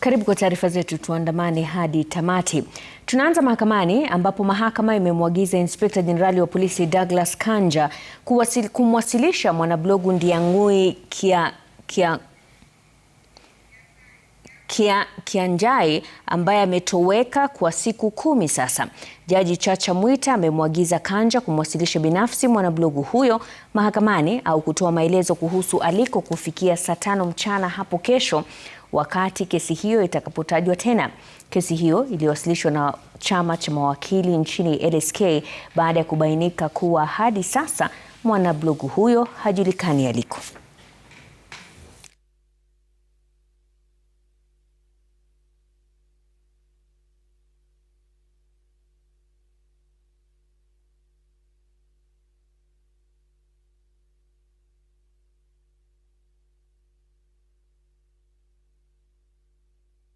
Karibu kwa taarifa zetu, tuandamane hadi tamati. Tunaanza mahakamani ambapo mahakama imemwagiza Inspekta Jenerali wa Polisi Douglas Kanja kumwasilisha mwanablogu Ndiang'ui Kia, Kia Kia, Kianjai ambaye ametoweka kwa siku kumi sasa. Jaji Chacha Mwita amemwagiza Kanja kumwasilisha binafsi mwanablogu huyo mahakamani au kutoa maelezo kuhusu aliko kufikia saa tano mchana hapo kesho wakati kesi hiyo itakapotajwa tena. Kesi hiyo iliwasilishwa na chama cha mawakili nchini LSK baada ya kubainika kuwa hadi sasa mwanablogu huyo hajulikani aliko.